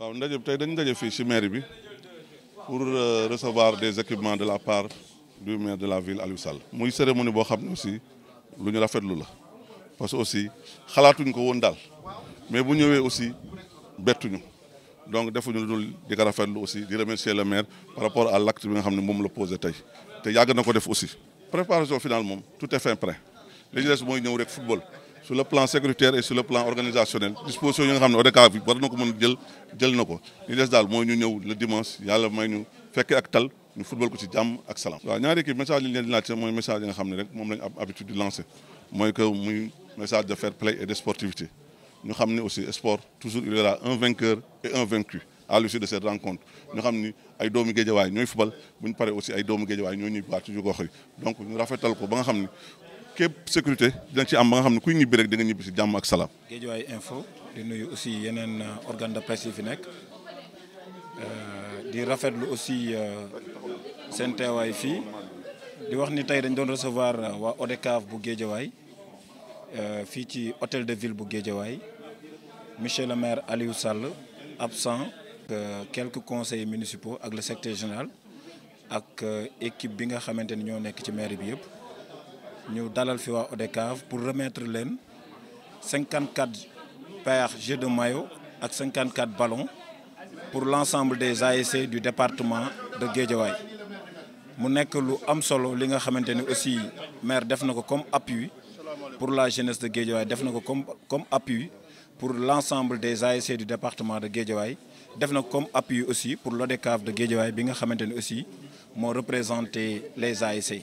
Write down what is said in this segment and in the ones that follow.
Nous ndaje bi tey dañu ndaje mairie pour euh, recevoir des équipements de la part du maire de la ville Aliou Sall. muy cérémonie boo xam aussi lu ñu rafetlu la parce que aussi xalaatuñ ko des daal mais bu avons aussi bettuñu donc defuñu lu dul di ko rafetlu aussi di remercier le maire par rapport à l'acte bi nga xam ne moom la posé tey te yàgg na fait def aussi. préparation finalement, tout est fait prêt Les gens sont venus ñëw le football sur le plan sécuritaire et sur le plan organisationnel disposition yi nga xamne au ODCAV bi war na ko mën jël jël nako. ko dess dal moy ñu ñëw le dimanche Yalla may ñu fekk ak tal ñu football ko ci jàmm ak salam. Wa ñaari équipe message yi ñu leen di laajte message yi nga xam rek mom lañ habitude di lancer Moy que muy message de fair play et de sportivité ñu xam aussi sport toujours il y aura un vainqueur et un vaincu à l'issue de cette rencontre ñu xam ay doomu géejawaay ñoy football buñu paré aussi ay doomu géejawaay ñoy ñuy baatu ci gox yi donc ñu rafetal ko ba nga xamni que sécurité dina ci am nga xam kuy ñibbi rek danga ñibbi si jamm ak salaam. Guédiawaye info di nuyu aussi yenen euh, organe de presse fi nek euh di rafetlu aussi euh, seen teewaay fi di wax ni tay dañ doon recevoir euh, waa ODCAV bu euh fi ci hôtel de ville bu Guédiawaye monsieur le maire Aliou Sall absent. quelques conseillers municipaux ak le secteur général ak équipe bi nga xamanteni ñoo nek ci maire bi yëpp. Nous dalal fi waa odecave pour remettre leen 54 paires jeux de maillot et 54 ballons pour l'ensemble des ASC du département de Guédiawaye Nous avons lu am solo li aussi maire comme appui pour la jeunesse de Guédiawaye def comme appui pour l'ensemble des ASC du département de Guédiawaye def comme appui aussi pour l'odecave de Guédiawaye bi nga aussi représenté les ASC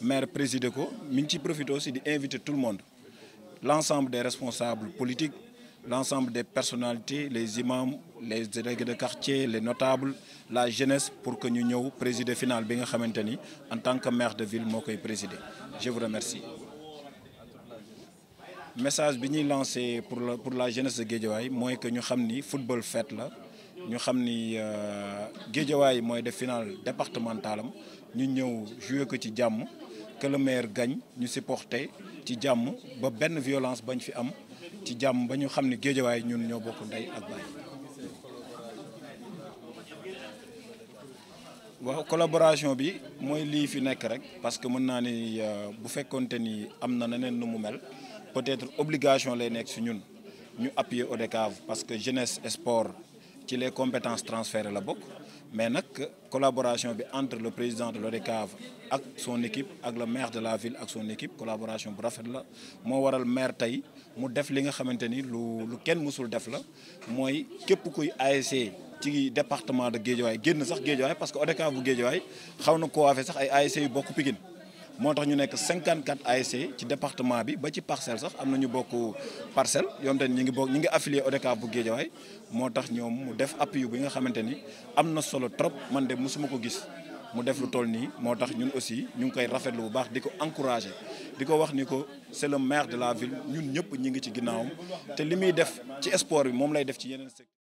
maire président ko profite aussi d'inviter tout le monde l'ensemble des responsables politiques l'ensemble des personnalités les imams les délégués de quartier les notables la jeunesse pour que nous soyons président finale en tant que maire de ville nous koy je vous remercie. message bi lancé pour la pour la jeunesse de Guédiawaye nous que ñu football fête la ñu xam ni euh, Guédiawaye def final départementale nous ñu que le maire gagne ñu supporter ci jamm ba ben violence bañ fi am ci jamm ba ñu xamni ne géejawaay ñun ño bokk nday ak bay collaboration bi moy li fi nek rek parce que mën naa ni euh, bu fekkonté ni amna nenen nu mu mel peut-être obligation lay nek ci ñun ñu appuyer décave parce que jeunesse et sport ci les compétences transférées la bokk mais nag collaboration bi entre le président de l'ODCAV ak son équipe ak le maire de la ville ak son équipe collaboration bu rafet la moo waral maire tey mu def li nga xamante ni lu lu kenn mësul def la mooy képp kuy ASC ci département de Guédiawaye génn sax Guédiawaye parce que ODCAV bu Guédiawaye xaw na koo afee sax ay ASC yu moo tax ñu nekk 54 ASC ci département bi ba ci parcelle sax am na ñu bokk parcelle yoom tamit ñi ngi bokk ñi ngi affilié ODCAV bu Guédiawaye moo tax ñoom mu def appui bi nga xamante ni am na solo trop man de mosuma ko gis mu def lu toll nii moo tax ñun aussi ñu ngi koy rafetlu bu baax di ko encouragé di ko wax ni ko c'est le maire de la ville ñun ñëpp ñi ngi ci ginnaawam te li muy def ci sport bi moom lay def ci yeneen secteur